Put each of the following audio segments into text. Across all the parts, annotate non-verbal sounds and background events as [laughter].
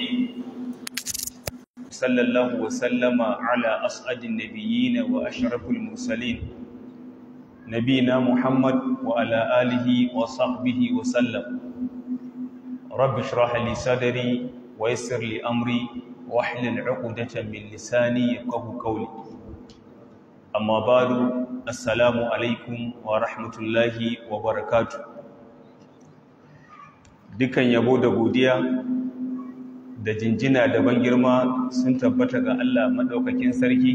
الدين صلى الله وسلم على أسعد النبيين وأشرف المرسلين نبينا محمد وعلى آله وصحبه وسلم رب اشرح لي صدري ويسر لي أمري واحلل عقدة من لساني يفقه قولي أما بعد السلام عليكم ورحمة الله وبركاته dukan yabo da godiya da jinjina da ban girma sun tabbata ga Allah maɗaukakin sarki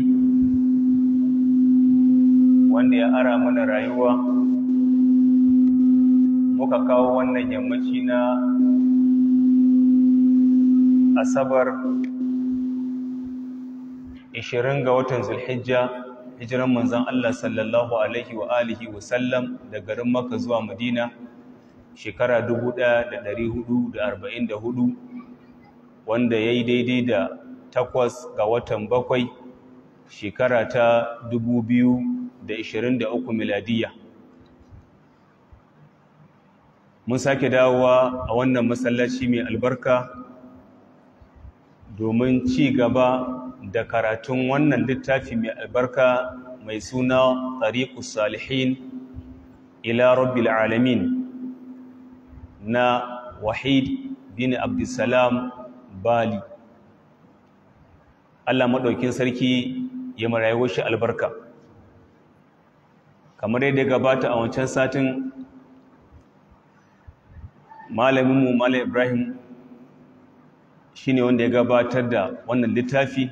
wanda ya ara mana rayuwa muka kawo wannan yammaci na asabar 20 ga watan zulhijja hijiran manzan Allah sallallahu alaihi wa alihi wa sallam da garin maka zuwa Madina shekara 1444 wanda ya yi daidai da takwas ga watan bakwai shekara ta 2023 miladiya mun sake dawowa a wannan masallaci mai albarka domin ci gaba da karatun wannan littafi mai albarka mai suna tariqus salihin ila rabbil alamin na wahid bin abdulsalam bali Allah maɗaukin sarki ya marayuwar shi albarka kamar yadda gabata a wancan satin malaminmu malam ibrahim shine wanda ya gabatar da wannan littafi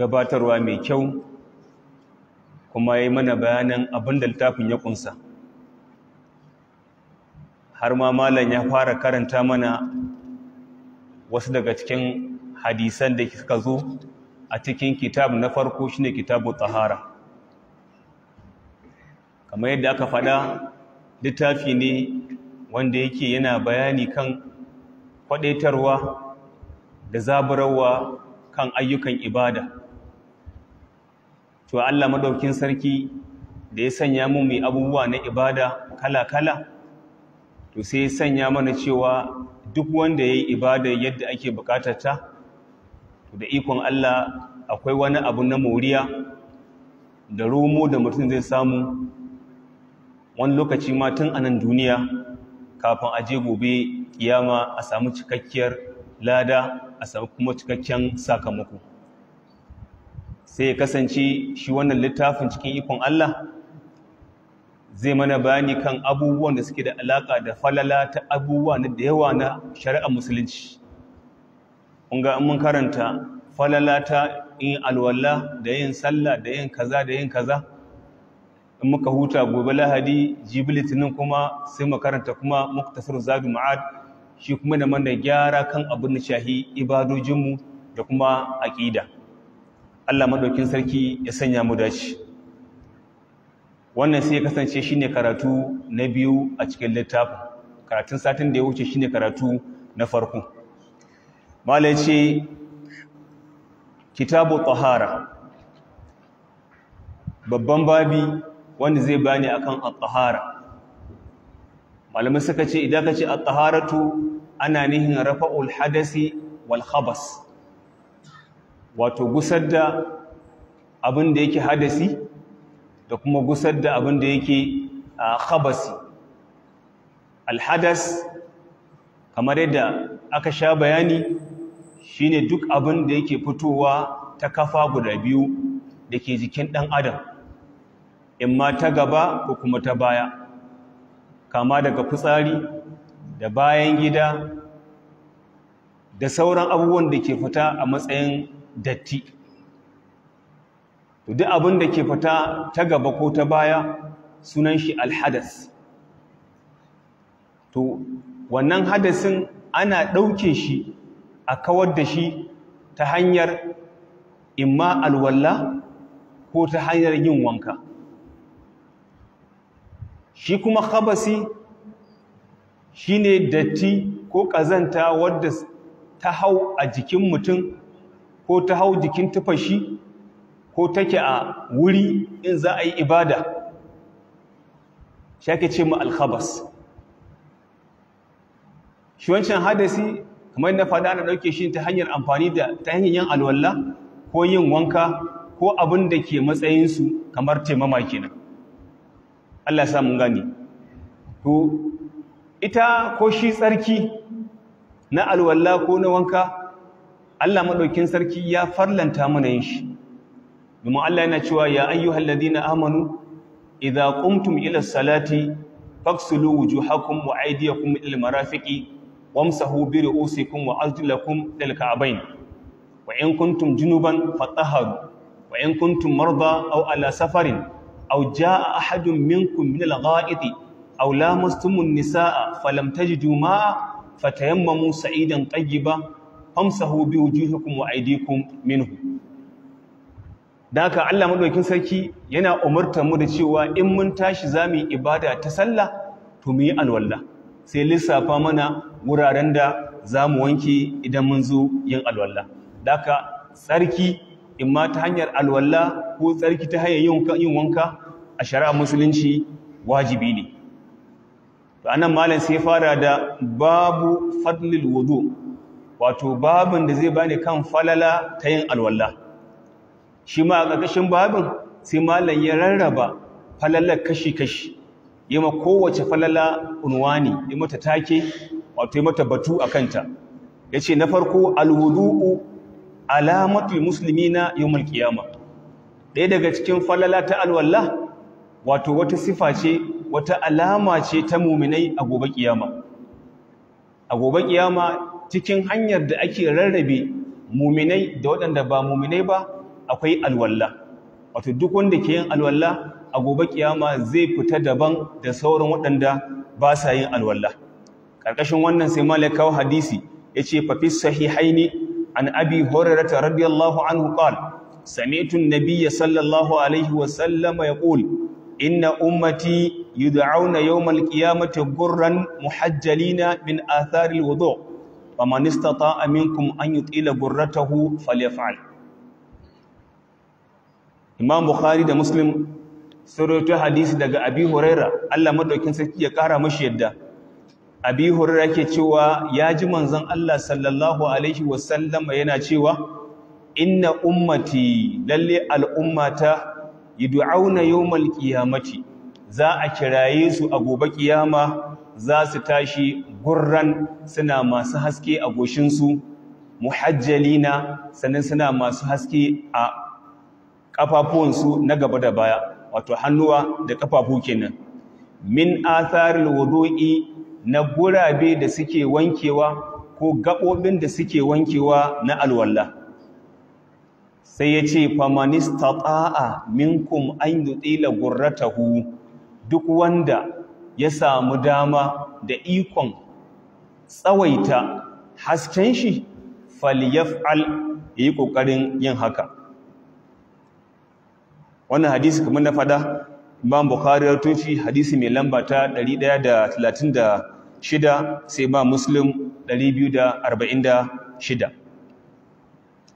gabatarwa mai kyau kuma ya yi mana bayanan abin da littafin ya kunsa har ma malam ya fara karanta mana wasu daga cikin hadisan da suka zo a cikin kitab na farko shine kitabu tsahara kamar yadda aka faɗa littafi ne wanda yake yana bayani kan kwaɗaitarwa da zaburarwa kan ayyukan ibada to Allah madaukin sarki da ya sanya mu mai abubuwa na ibada kala-kala to sai ya sanya mana cewa duk wanda ya yi ibada yadda ake bukatarta to da ikon Allah akwai wani abu na moriya da romo da mutum zai samu wani lokaci ma tun a nan duniya kafin a je gobe kiyama a samu cikakkiyar lada a samu kuma cikakken sakamako sai ya kasance shi wannan littafin cikin ikon Allah zai mana bayani kan abubuwan da suke da alaka da falala ta abubuwa na da yawa na shari'ar musulunci ƙunga mun karanta falala ta yin alwala da yin sallah da yin kaza da yin kaza in muka huta gobe lahadi jibilitinin kuma sai mu karanta kuma muktasar zabi ma'ad shi kuma da mana gyara kan abin da shahi ibadojinmu da kuma aƙida Allah maɗaukin sarki ya sanya mu dace wannan sai ya kasance ne karatu na biyu a cikin littafin karatun satin da ya wuce shi ne karatu na farko malaci kitabu tahara babban babi wanda zai bani akan al tahara malamai suka ce idan ka ce al taharatu ana nihin rafa'ul hadasi wal khabas wato gusar da abin da yake hadasi da kuma gusar da abin da yake a khabasi alhadas kamar yadda aka sha bayani shine duk abin da yake fitowa ta kafa guda biyu da ke jikin ɗan adam In ma ta gaba ko kuma ta baya kama daga fitsari da bayan gida da sauran abubuwan da ke fita a matsayin datti duk abin da ke fita ta gaba ko ta baya sunan shi alhadas to wannan hadasin ana ɗauke shi a kawar da shi ta hanyar imma alwalla ko ta hanyar yin wanka shi kuma khabasi shine datti ko ƙazanta wadda ta hau a jikin mutum ko ta hau jikin tufashi ko take a wuri in za a yi ibada shi ake ce mu alkhabas shi wancan hadasi kamar na faɗa na ɗauke shi ta hanyar amfani da ta hanyar yin alwala ko yin wanka ko abin da ke matsayinsu kamar taimama kenan Allah sa mun gane to ita ko shi tsarki na alwala ko na wanka Allah maɗaukin sarki ya farlanta mana yin shi domin Allah yana cewa ya ayyuhal ladina amanu idza qumtum ila salati faksulu wujuhakum wa aydiyakum ila marafiqi wamsahu bi ru'usikum wa arjulakum ila ka'bayn wa in kuntum junuban fatahharu wa in kuntum marda aw ala safarin aw jaa ahadun minkum min al-gha'iti aw lamastumun nisaa falam tajidu ma'a fatayammamu sa'idan tayyiba famsahu bi wujuhikum wa aydikum minhu da haka Allah madaukin sarki yana umurtar mu da cewa in mun tashi zamu yi ibada ta sallah to mu yi alwala sai lissafa mana wuraren da zamu wanke idan mun zo yin alwala da haka tsarki in ma ta hanyar alwala ko tsarki ta hanyar yin wanka a shari'a musulunci wajibi ne to anan malam sai fara da babu fadlil wudu wato babin da zai bani kan falala ta yin alwala shi ma a ƙarƙashin babin sai malam ya rarraba falalar kashi-kashi yi ma kowace falala unwani yi mata take wato yi mata batu a kanta ya ce na farko alwudu'u alamatu musulmi na yi mulkiyama ɗaya daga cikin falala ta alwallah wato wata sifa ce wata alama ce ta muminai a gobe kiyama a gobe kiyama cikin hanyar da ake rarrabe muminai da waɗanda ba muminai ba akwai alwalla wato duk wanda ke yin alwalla a gobe kiyama zai fita daban da sauran waɗanda ba sa yin alwalla. karkashin wannan sai malaka wa hadisi yace fa fi sahihaini an abi hurairah radhiyallahu anhu qala sami'tu an-nabiyya sallallahu alaihi wa sallam yaqul inna ummati yud'auna yawm al-qiyamati gurran muhajjalina min athari al-wudu' فمن استطاع منكم أن يطيل قرته فليفعل imam bukhari da muslim sun hadisi daga abi huraira Allah madaukin sarki ya kara mashi yadda abi huraira ke cewa ya ji manzon Allah sallallahu alaihi wasallam yana cewa inna ummati lalle al'ummata yud'auna yawmal qiyamati za a kiraye su a gobe kiyama za su tashi gurran suna masu haske a goshinsu muhajjalina sannan suna masu haske a kafafuwansu na gaba da baya wato hannuwa da kafafu kenan min atharil wudu'i na gurabe da suke wankewa ko gabobin da suke wankewa na alwala sai yace famanistata'a minkum an yudila gurratahu duk wanda ya samu dama da ikon tsawaita hasken shi falyaf'al yi kokarin yin haka wannan hadisi kamar na fada imam bukhari ya hadisi mai lamba ta 136 sai ba muslim 246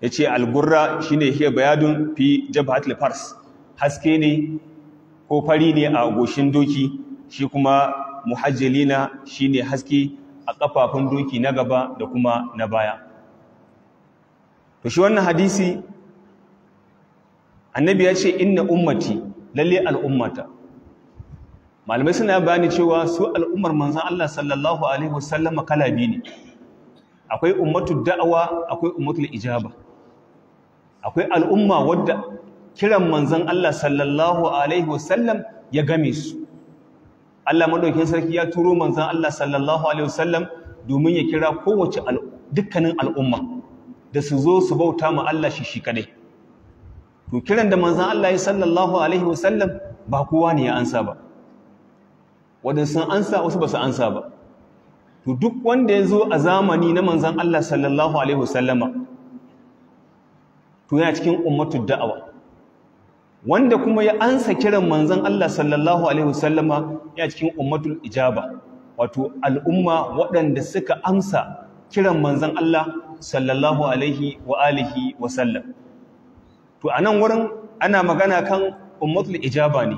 yace al-gurra shine hiya bayadun fi jabhatil fars haske ne ko fari ne a goshin doki shi kuma muhajjalina shine haske a kafafun doki na gaba da kuma na baya to shi wannan hadisi annabi ya ce inna ummati lalle al'ummata malamai suna bani cewa su al'ummar manzan Allah sallallahu alaihi wasallama kala biyu ne akwai ummatu da'awa akwai ummatul ijaba akwai al'umma wadda kiran manzan Allah sallallahu alaihi wasallam ya game su Allah madaukakin sarki ya turo manzan Allah sallallahu alaihi wasallam domin ya kira kowace dukkanin al'umma da su zo su bauta ma Allah shi shi kadai to kiran da manzan Allah ya sallallahu alaihi wasallam ba kowa ne ya ansa ba waɗansu ansa wasu ba su ansa ba to duk wanda ya zo a zamani na manzan Allah sallallahu alaihi wasallama to yana cikin ummatu da'awa wanda kuma ya ansa kiran manzan Allah sallallahu alaihi wasallama yana cikin ummatul ijaba wato al'umma waɗanda suka amsa kiran manzan Allah sallallahu alaihi wa alihi wasallam to anan wurin ana magana kan ummatul ijaba ne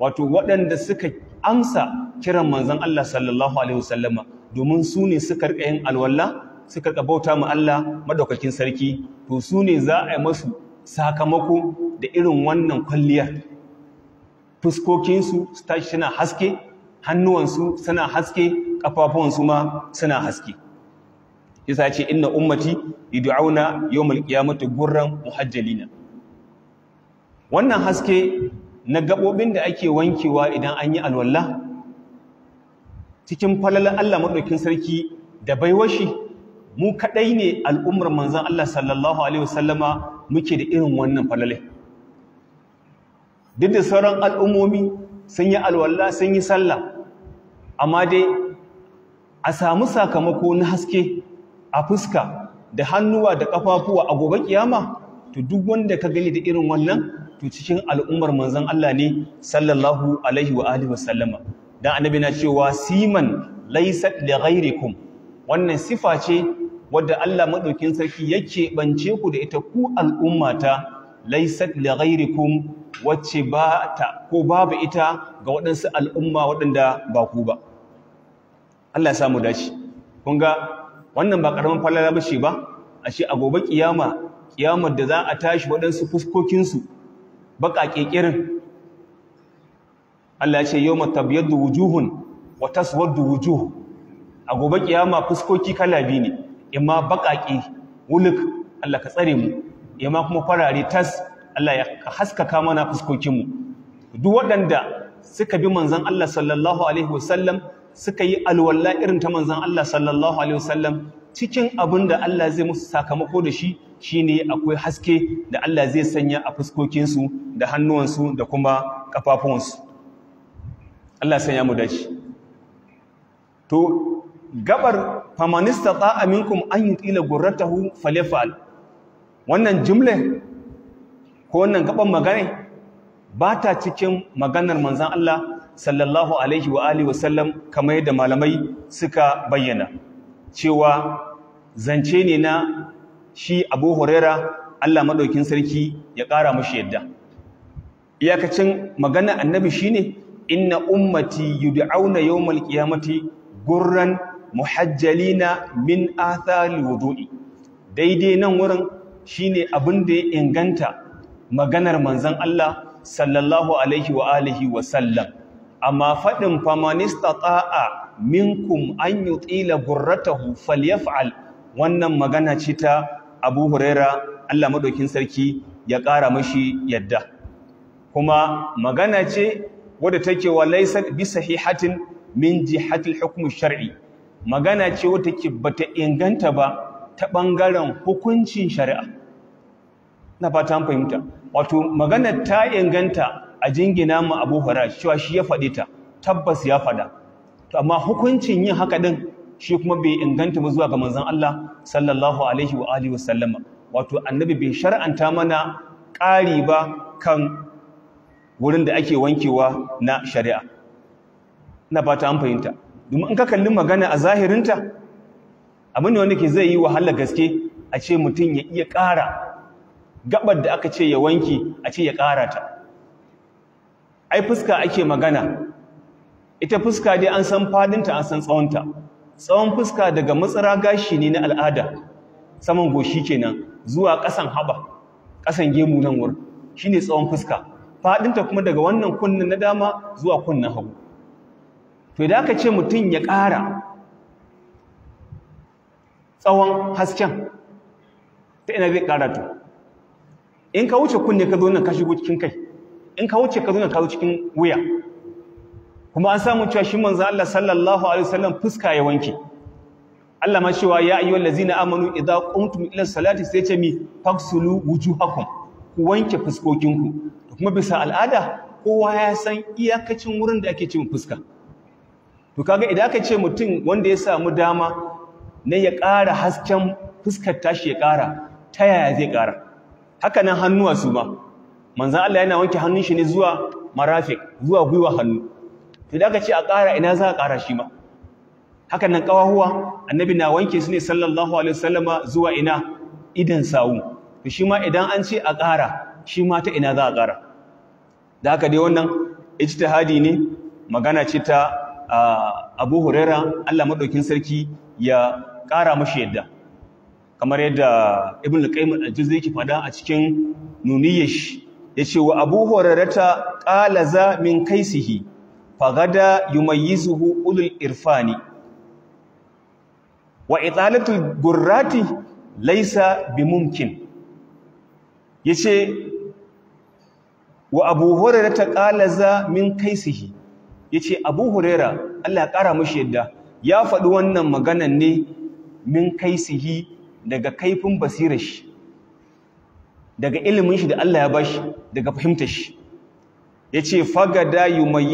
wato waɗanda suka amsa kiran manzon Allah sallallahu alaihi wasallama domin su ne suka rika yin alwala suka rika bauta mu Allah madaukakin sarki to su ne za a yi masu sakamako da irin wannan kwalliyar fuskokinsu su tashi suna haske hannuwansu suna haske ƙafafuwansu ma suna haske yasa ce inna ummati yad'una yawmal qiyamati gurran muhajjalina wannan haske na gaɓoɓin da ake wankewa idan an yi alwallah cikin falalan Allah madaukin sarki da baiwashi mu kaɗai ne al'ummar manzon Allah sallallahu Alaihi wasallama muke da irin wannan falale. duk da sauran al'ummomi sun yi alwallah sun yi sallah amma dai a samu sakamako na haske a fuska da hannuwa da ƙafafuwa a gobe kiyama to duk wanda ka gani da irin wannan to cikin al'ummar manzon Allah ne sallallahu alaihi wa alihi wasallama dan annabi na cewa siman laysa li ghairikum wannan sifa ce wadda Allah madaukin sarki yake bance ku da ita ku al'ummata laysa li ghairikum wacce ba ta ko babu ita ga waɗansu al'umma waɗanda ba ku ba Allah ya samu dace kun ga wannan ba karaman falala bace ba ashe a gobe kiyama kiyamar da za a tashi waɗansu fuskokinsu baƙaƙe kekirin Allah ya ce yau matabiyaddu wujuhun wa taswaddu wujuh a gobe kiyama fuskoki kala biyu ne imma baƙaƙe wuluk Allah ka tsare mu imma kuma farare tas Allah ya haskaka mana fuskokin mu duk waɗanda suka bi manzon Allah sallallahu alaihi wasallam suka yi alwala irin ta manzon Allah sallallahu alaihi wasallam cikin abin da Allah zai musu sakamako da shi shine akwai haske da Allah zai sanya a fuskokinsu da hannuwansu da kuma ƙafafunsu Allah sanya mu dace to gabar famanista ta aminkum an yi yutila gurratahu falefal. wannan jumla ko wannan gaban magana ba ta cikin maganar manzan Allah sallallahu alaihi wa sallam kamar yadda malamai suka bayyana cewa zance ne na shi abu horera Allah maɗaukin sarki ya ƙara mashi yadda iyakacin magana annabi shi ne, inna ummati auna ya qiyamati gurran muhajjalina min athari wudu'i daidai nan wurin shine abin da ya inganta maganar manzan Allah sallallahu alaihi wa wa sallam amma faɗin famanista ta'a minkum an yi tsila ya fa’al wannan magana ce ta abu huraira allah maɗaukin sarki ya ƙara mashi yadda kuma magana ce wadda take wa laisar bi sahihatin min jihatil hukum shari’i magana ce wadda ke bata inganta ba ta ɓangaren hukuncin shari'a na fata fahimta wato magana ta inganta a jingina mu Abu fara cewa shi ya faɗi ta tabbas ya faɗa to amma hukuncin yin haka din shi kuma bai inganta ba zuwa ga manzon Allah sallallahu alaihi wa alihi wasallama wato annabi bai shar'anta mana ƙari ba kan wurin da ake wankewa na shari'a ina fata an fahimta domin in ka kalli magana a zahirinta abin da wanda ke zai yi wahala gaske a ce mutum ya iya ƙara gabar da aka ce ya wanki a ce ya ƙara ta ai fuska ake magana ita fuska dai an san fadinta an san tsawonta tsawon fuska daga matsara gashi ne na al'ada saman goshi kenan zuwa ƙasan haba ƙasan gemu nan wur shine tsawon fuska fadinta kuma daga wannan kunnen na dama zuwa kunnen hagu to idan aka ce mutum ya ƙara tsawon hasken ta ina zai ƙara to in ka wuce kunne ka zo nan ka shigo cikin kai in ka wuce ka zo ka zo cikin wuya kuma an samu cewa shi manzo Allah sallallahu alaihi wasallam fuska ya wanke Allah ma cewa ya ayyuhal ladzina amanu idza qumtum ila salati sai ce mi faksulu wujuhakum ku wanke fuskokin ku. fuskokinku kuma bisa al'ada kowa ya san iyakacin wurin da ake cewa fuska to kaga idan aka ce mutum wanda ya samu dama na ya ƙara hasken fuskar tashi ya ƙara ta yaya zai ƙara haka nan hannuwa su ba. manzan Allah yana wanke hannun shi ne zuwa marafik zuwa gwiwa hannu to da aka ce a ƙara ina za a ƙara shi ma hakan nan ƙawahuwa annabi na wanke su ne sallallahu alaihi wasallama zuwa ina idan sawu to shi ma idan an ce a ƙara shi ma ta ina za a ƙara da haka dai wannan ijtihadi ne magana ce ta Abu Huraira Allah madaukin sarki ya ƙara mashi yadda kamar yadda Ibn Qayyim al juzayri yake faɗa a cikin nuniyash ce, wa abu horarata qala za min kaisihi fagada yumayyizuhu ulul irfani wa italatul gurrati mumkin Ya ce, wa abu horarata ta za min kaisihi ce, abu hurairah Allah ƙara kara yadda ya faɗi wannan maganan ne min kaisihi daga kaifin basirar shi daga ilimin shi da Allah ya bashi daga fahimtar shi yace fagada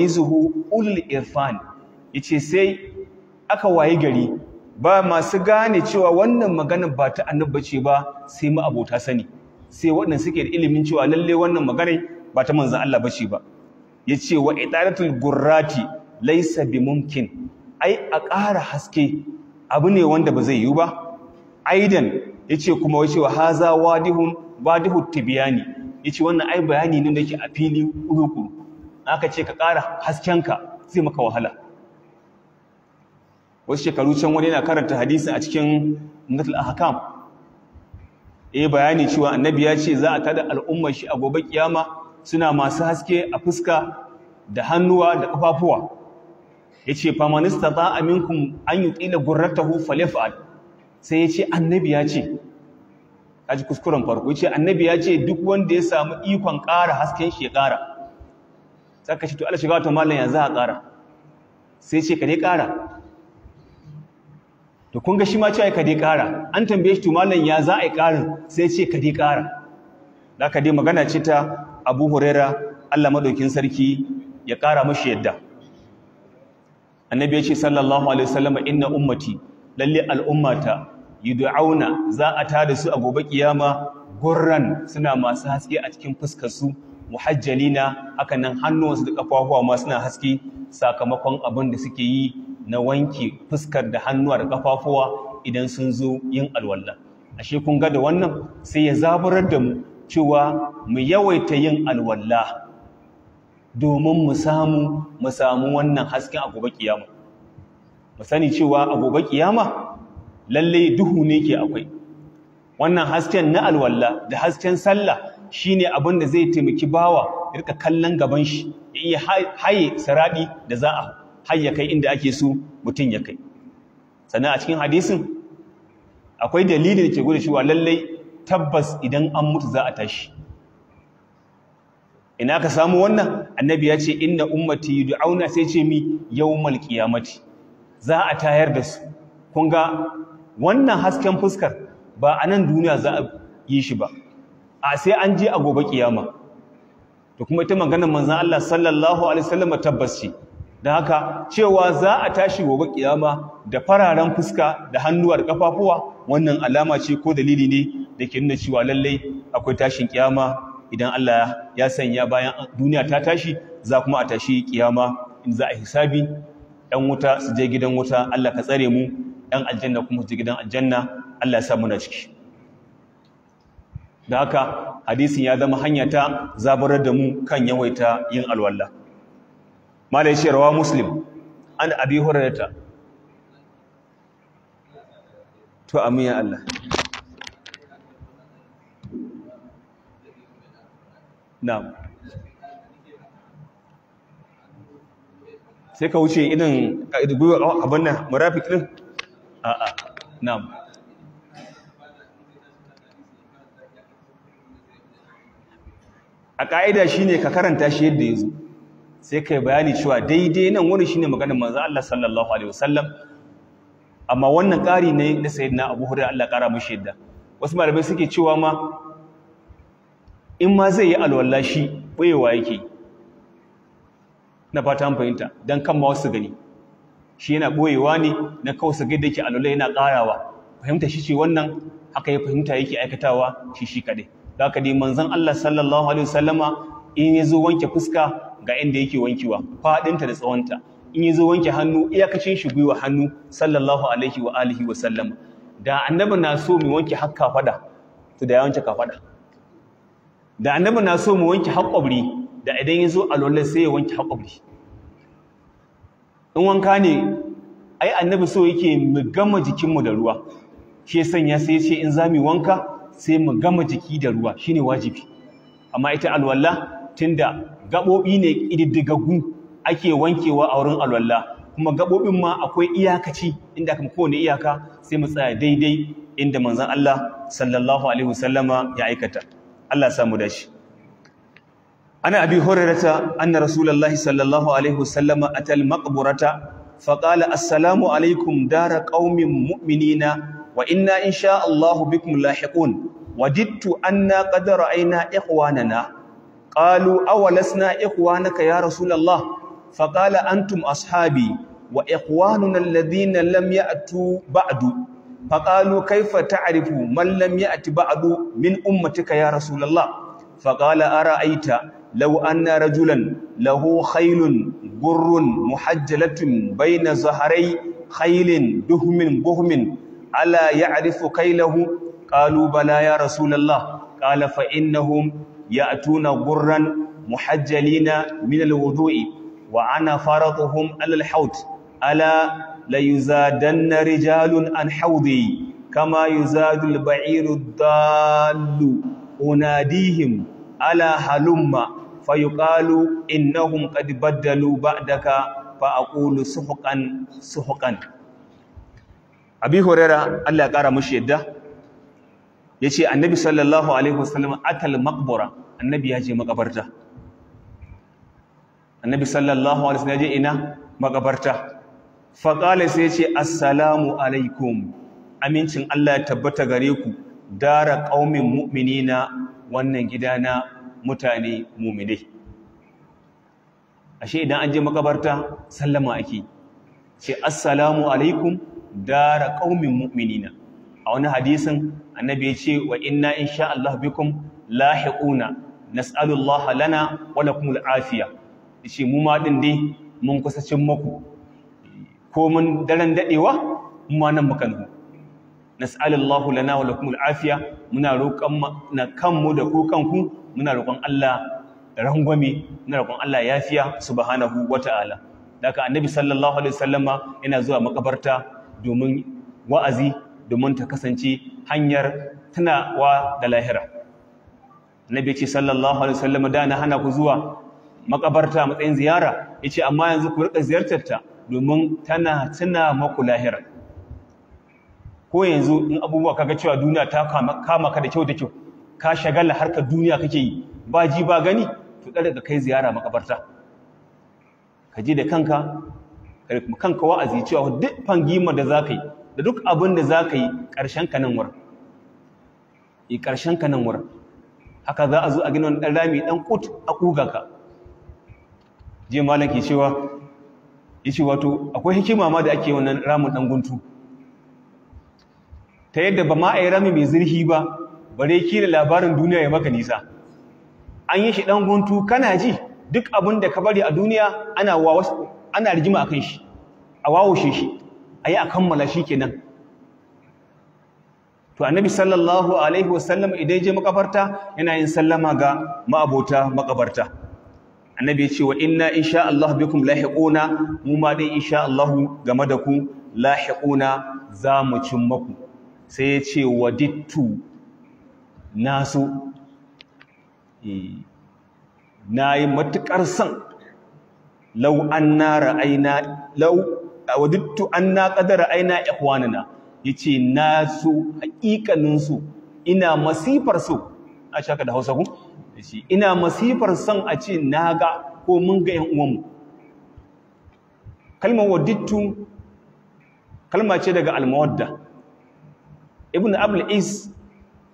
zuhu ulul irfan yace sai aka waye gari ba masu gane cewa wannan magana ba ta annabba ce ba sai mu abota sani sai wannan suke da ilimin cewa lalle wannan magana ba ta manzon Allah bace ba yace wa idaratul gurrati laysa bimumkin ai a ƙara haske abu ne wanda ba zai yiwu ba aidan yace kuma wace wa haza wadihun wadihu tibyani yace wannan ai bayani ne da yake a fili Na aka ce ka ƙara haskenka zai maka wahala wasu shekaru can wani yana karanta hadisi a cikin natal ahkam eh bayani cewa annabi ya ce za a tada al'ummar shi a gobe kiyama suna masu haske a fuska da hannuwa da kafafuwa yace famanista ta aminkum an yutila gurratahu falyafal sai ya ce annabi ya ce ji kuskuren farko ya ce annabi ya ce duk wanda ya samu ikon ƙara hasken shi ya ƙara ka shi to Allah shiga wata mallan yanzu a ƙara sai ce ka dai ƙara to kun ga shi ma cewa ka dai ƙara an tambaye shi to mallan ya za a yi ƙarin sai ce ka dai ƙara da ka dai magana ce ta Abu Huraira Allah madaukin sarki ya ƙara mashi yadda annabi ya ce sallallahu alaihi wasallam inna ummati lalle al'ummata da'auna za a tada su a gobe kiyama gurran suna masu haske a cikin fuskar su na haka nan hannuwansu da kafafuwa ma suna haske sakamakon abin da suke yi na wanke fuskar da hannuwa da kafafuwa idan sun zo yin alwala ashe kun ga da wannan sai ya zaburar da mu cewa mu yawaita yin alwala domin mu samu mu samu wannan haske a gobe kiyama mu sani cewa a gobe kiyama lalle duhu ne ke akwai wannan hasken na alwalla da hasken sallah shine abin da zai taimaki bawa rika kallon gaban shi ya iya haye saradi da za a haye kai inda ake so mutum ya kai sannan a cikin hadisin akwai dalilin da ke gudu wa lallai tabbas idan an mutu za a tashi ina ka samu wannan annabi ya ce inna ummati yud'auna sai ce mi yawmal qiyamati za a tayar da su kun ga wannan hasken fuskar ba a nan duniya za a yi shi ba a sai an je a gobe kiyama to kuma ita maganar manzon Allah sallallahu alaihi wasallam tabbas ce da haka cewa za a tashi gobe kiyama da fararen fuska da hannuwar kafafuwa wannan alama ce ko dalili ne dake nuna cewa lallai akwai tashin kiyama idan Allah ya sanya bayan duniya ta tashi za kuma a tashi kiyama in za a hisabi ɗan wuta su je gidan wuta Allah ka tsare mu ɗan aljanna kuma su gidan aljanna Allah ya sa muna ciki da haka hadisin ya zama hanya ta zabarar da mu kan yawaita yin alwala. malai shi rawa muslim an abi hurairata to amin ya Allah na'am sai ka wuce irin abin nan murafik din a'a nam a ƙa'ida ne ka karanta shi yadda ya zo sai kai bayani cewa daidai nan wani shi ne maganin manzo Allah sallallahu alaihi wasallam amma wannan ƙari ne na na Abu Hurairah Allah ƙara mishi yadda wasu malamai suke cewa ma in ma zai yi alwallashi ɓoyewa yake na fata fahimta dan kan ma wasu gani shi yana boyewa ne na kawai sagai da yake alwala yana ƙarawa fahimta shi ce wannan haka ya fahimta yake aikatawa shi shi kaɗai za ka dai zan Allah sallallahu alaihi wasallama in ya zo wanke fuska ga inda yake wankewa faɗinta da tsawonta in ya zo wanke hannu iyakacin shi gwiwa hannu sallallahu alaihi wa alihi wasallama sallam da annabi na so mu wanke har kafada to da ya wanke kafada da annabi na so mu wanke har da idan ya zo alwala sai ya wanke har in wanka ne ai annabi so yake mu gama jikinmu da ruwa shi sanya sai ya ce in za mu wanka sai mu gama jiki da ruwa shine wajibi amma ita alwala tunda gaɓoɓi ne ididdigagu ake wankewa a wurin alwala kuma gaɓoɓin ma akwai iyakaci inda aka kowane iyaka sai mu tsaya daidai inda manzon Allah sallallahu alaihi wasallama ya aikata Allah samu dashi ana abi hurairata anna rasulullahi sallallahu alaihi wasallam atal maqburata faqala assalamu alaikum dara ƙaumin mu'minina wa inna insha Allah bikum lahiqun wadittu anna qad ra'ayna ikhwanana qalu awalasna ikhwanaka ya rasulullah faqala antum ashabi wa ikhwanuna alladhina lam ya'tu ba'du faqalu kayfa ta'rifu man lam ya'ti ba'du min ummatika ya rasulullah faqala ara'aita law anna rajulan lahu khaylun burrun muhajjalatun baina zaharai khaylin duhmin buhmin ala ya'rifu kaylahu qalu bala ya rasulullah qala fa innahum ya'tuna burran muhajjalina min alwudu'i wa ana faraduhum ala alhawd ala ليزادن رجال عن حوضي كما يزاد البعير الضال أناديهم ألا هلم fayuqalu innahum qad baddalu ba'daka fa aqulu suhqan suhqan Abi Hurairah Allah ya kara mushi yadda yace Annabi sallallahu alaihi wasallam atal maqbara Annabi ya je makabarta Annabi sallallahu alaihi wasallam ya je ina makabarta fa qala sai yace assalamu alaikum amincin Allah ya tabbata gare ku dara qaumin mu'minina wannan gidana mutane mumine ashe idan an je makabarta sallama ake ce assalamu alaikum dara qaumin mu'minina a wani hadisin annabi ya ce wa inna insha Allah bikum lahiquna nas'alullaha lana wa lakum al'afiya yace mu ma dai mun kusacin muku ko mun daren dadewa mu ma nan muka nuhu nas'alullahu lana wa lakum al'afiya muna roƙon na kanmu da ku kanku muna roƙon Allah rangwame muna roƙon Allah yafiya subhanahu wata'ala daga annabi sallallahu alaihi wasallama yana zuwa makabarta domin wa'azi domin ta kasance hanyar tunawa da lahira annabi ce sallallahu alaihi wasallama da na hana ku zuwa makabarta matsayin ziyara yace amma yanzu ku rika ziyartar ta domin tana tuna maku lahira ko yanzu in abubuwa kaga cewa duniya ta kama ka da kyau da kyau ka shagala harkar duniya kake yi ba ji ba gani to dare ka kai ziyara makabarta ka ji da kanka kanka wa'azi cewa duk fangima da za ka yi da duk abin da za ka yi ƙarshen ka nan wurin yi e, ƙarshen ka nan wurin haka za a zo a gina wani ɗan rami ɗan kut a kuga ka je malam ke cewa ya ce wato akwai hikima ma da ake wannan ramin dan guntu ta yadda ba ma a yi rami mai zurfi ba bare kila labarin duniya ya maka nisa an yi shi dan guntu kana ji duk abin da ka bari a duniya ana wawa ana rijima akan shi a wawo shi a yi a kammala shi kenan to annabi sallallahu alaihi wasallam idan je makabarta yana yin sallama ga ma'abota makabarta annabi ya ce wa inna insha Allah bikum lahiquna mu ma dai insha Allah game da ku lahiquna za mu cin maku sai ya ce wadittu na so e, na yi matuƙar son lau an na ra'aina lau wadittu an na ƙadara aina ikwanina ya ce na so haƙiƙaninsu ina masifar so a shaka da hausa ku ina masifar son a ce na ga ko mun ga ‘yan uwanmu kalmar wadittu kalma ce daga almawadda ibn abul is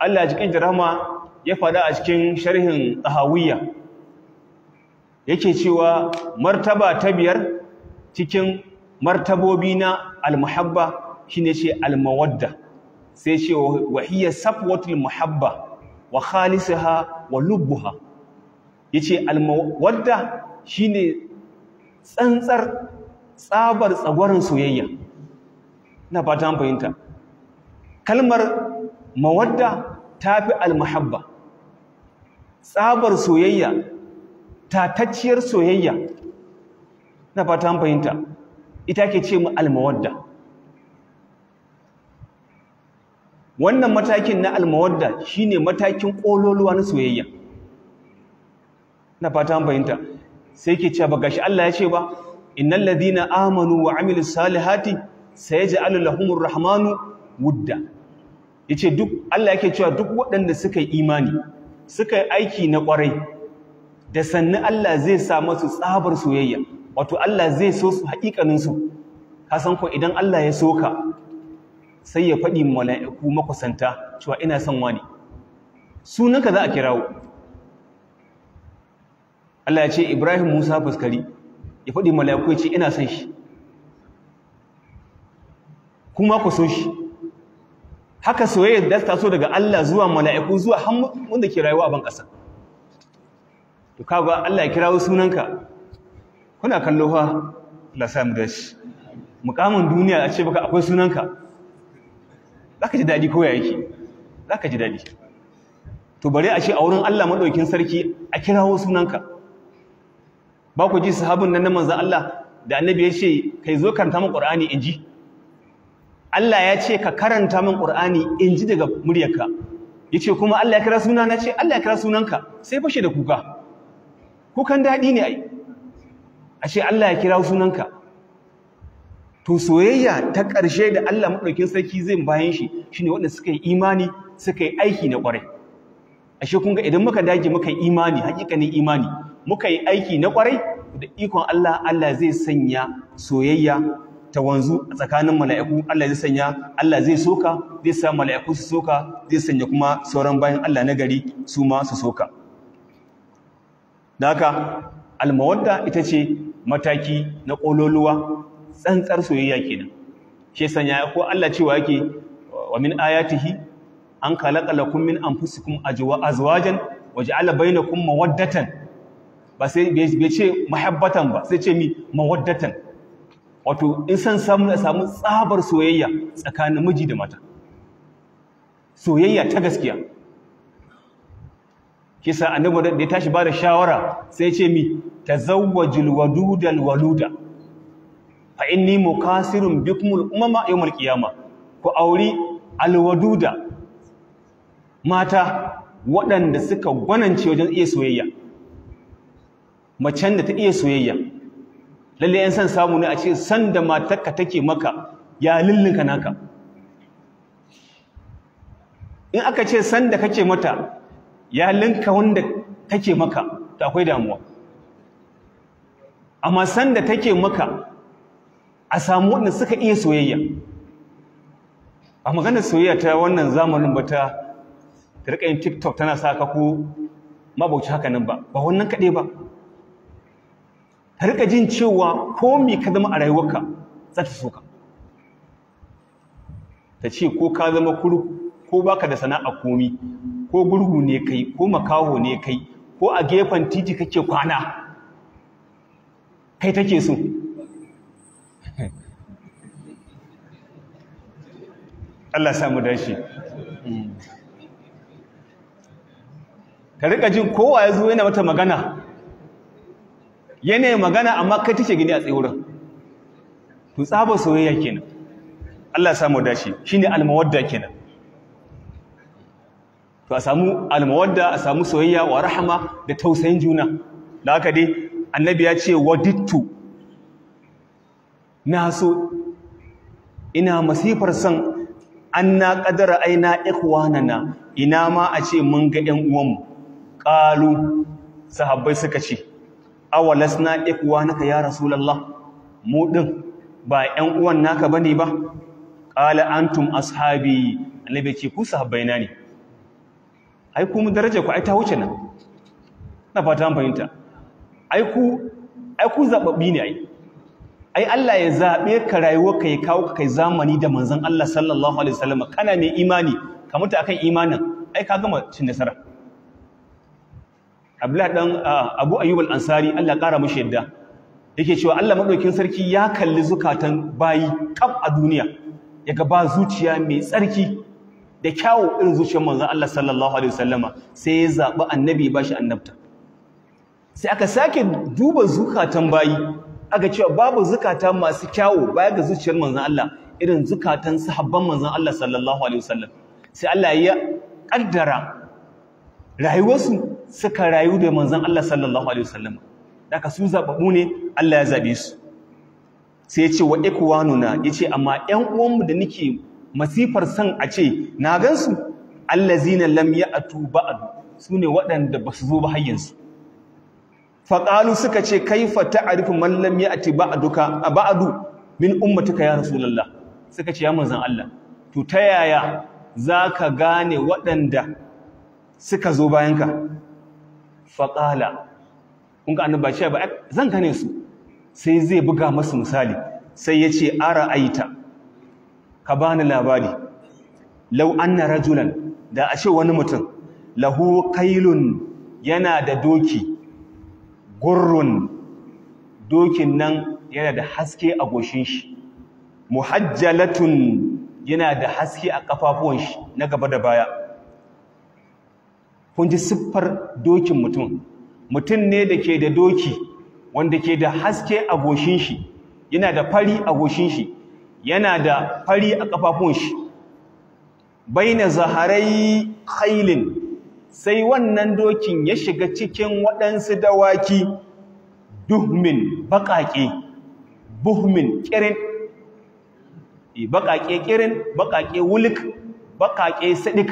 Allah cikin jirama ya faɗa a cikin sharhin tsahawiyya yake cewa martaba ta biyar cikin martabobi na almuhabba shine ce almawadda sai ce wa hiya safwatul muhabba wa ha wa lubbuha yace almawadda shine tsantsar tsabar tsagwarin soyayya na fatan fahimta kalmar mawadda tafi almahabba, tsabar soyayya tatacciyar soyayya na fata fahimta ita ke ce mu almawadda wannan matakin na almawadda shine matakin kololuwa na soyayya na fata fahimta sai ke ce ba gashi Allah ya ce ba innal ladina amanu wa amilus salihati sayaj'alu lahumur rahmanu wudda yace duk Allah yake cewa duk waɗanda suka yi imani suka yi aiki na ƙwarai da sannu Allah zai sa masu tsabar soyayya wato Allah zai so su haƙiƙanin su ka san ko idan Allah ya so ka sai ya faɗi mala'iku makusanta cewa ina son wani sunanka za a kirawo Allah ya ce Ibrahim Musa fuskari ya faɗi mala'iku ya ce ina son shi kuma ku so shi haka soyayya da ta so daga Allah zuwa mala'iku zuwa har wanda ke rayuwa a ban ƙasa to kaga Allah ya kirawo sunanka kuna kallo fa la sam mu mukamin duniya a ce baka akwai sunanka zaka ji dadi ko ya yake zaka ji dadi to bare a ce a wurin Allah madaukin sarki a kirawo sunanka ba ku ji sahabun nan na manzon Allah da annabi ya ce kai zo karanta mu Qur'ani inji Allah ya ce ka karanta min Qur'ani in ji daga muryarka yace kuma Allah ya kira suna na ce Allah ya kira sunanka sai fashe da kuka kukan dadi ne ai ashe Allah ya kira sunanka to soyayya ta ƙarshe da Allah madaukin sarki zai bayan shi shine wanda suka yi imani suka yi aiki na ƙwarai ashe kun ga idan muka dage muka yi imani hakikanin imani muka yi aiki na ƙwarai da ikon Allah Allah zai sanya soyayya ta wanzu a tsakanin mala'iku Allah zai sanya Allah zai soka zai sa mala'iku su soka zai sanya kuma sauran bayan Allah na gari su ma su soka da almawadda ita ce mataki na ƙololuwa tsantsar soyayya kenan shi sanya ko Allah cewa yake wa min ayatihi an kala-kala kun min anfusikum azwajan na bainakum mawaddatan ba sai bai ce mahabbatan ba sai ce mi mawaddatan wato in san samu a samu tsabar soyayya tsakanin miji da mata soyayya ta gaskiya kisa annabi da ya tashi ba da shawara sai ce mi tazawwajul wadudal waluda fa inni mukasirun bikumul umama al qiyama ku auri alwaduda mata waɗanda suka gwanance wajen iya soyayya macen da ta iya soyayya lalle yan san samu ne a ce san da matarka take maka ya lullunka naka in aka ce san da kake mata ya linka wanda take maka to akwai damuwa amma san da take maka a samu wanda suka iya soyayya a maganar soyayya ta wannan zamanin ba ta rika tiktok tana sa ka ko mabauci haka nan ba ba wannan kaɗai ba ka rika jin cewa ko me ka zama a rayuwarka za ta so ka ta ce ko ka zama kuru ko baka da sana'a komi ko gurgu ne kai ko makaho ne kai ko a gefen titi kake kwana kai take so [laughs] Allah samu dashi ka rika jin kowa ya zo yana mata magana yana magana amma kai take gini a tsaye to tsaba soyayya kenan Allah samu dashi shine almawadda kenan to a samu almawadda a samu soyayya wa rahama da tausayin juna da haka dai annabi ya ce wadittu na so ina masifar san anna qadara aina ikhwanana ina ma a ce mun ga ƴan uwanmu qalu sahabbai suka ce awalasna ikwanaka ya rasulullah mu din ba ɗan uwan naka bane ba qala antum ashabi annabi ce ku sahabbaina ne ai ku mu daraja ku ai ta wuce nan na fata an fahimta ai ku ai ku zababbi ne ai ai Allah ya zabe ka rayuwar ka ya kawo ka kai zamani da manzon Allah sallallahu alaihi wasallam kana mai imani ka mutu akan imanin ai ka gama cin nasara abdullahi dan ah, abu ayyub al-ansari Allah kara mushi yadda yake cewa Allah madaukin sarki ya kalli zukatan bayi kaf a duniya yaga ba zuciya mai tsarki da kyawu irin zuciyar manzon Allah sallallahu alaihi wasallama sai ya zabi annabi ba shi annabta sai aka sake duba zukatan bayi aka cewa babu zukata masu kyawu baya ga zuciyar manzon Allah irin zukatan sahabban manzon Allah sallallahu alaihi wasallam sai Allah ya kaddara rayuwarsu suka rayu da manzon Allah sallallahu alaihi Da ka su zababbu ne Allah ya zaɓe su sai ya ce wa ya ce amma yan uwanmu da nake masifar san a ce na gan su. gansu zina lam ya'tu su ne waɗanda ba su zo ba hayyansu faƙalu suka ce kaifa a man lam ba a ba'adu? min ummatuka ya rasulullah suka ce ya manzon Allah to ta yaya zaka gane waɗanda suka zo bayanka faƙala kun ka ba shi ba zan gane su sai zai buga masu misali sai ya ce ara aita ka bani labari lau anna rajulan da ashe wani mutum lahu kailun yana da doki gurrun dokin nan yana da haske a goshin shi muhajjalatun yana da haske a kafafuwan shi na gaba da baya kun ji siffar dokin mutum mutum ne da ke da doki wanda ke da haske a goshin shi yana da fari a goshin shi yana da fari a kafafun shi baina zaharai khailin sai wannan dokin ya shiga cikin waɗansu dawaki duhmin baƙaƙe buhmin kirin eh, baƙaƙe kirin baƙaƙe wulik baƙaƙe siɗik.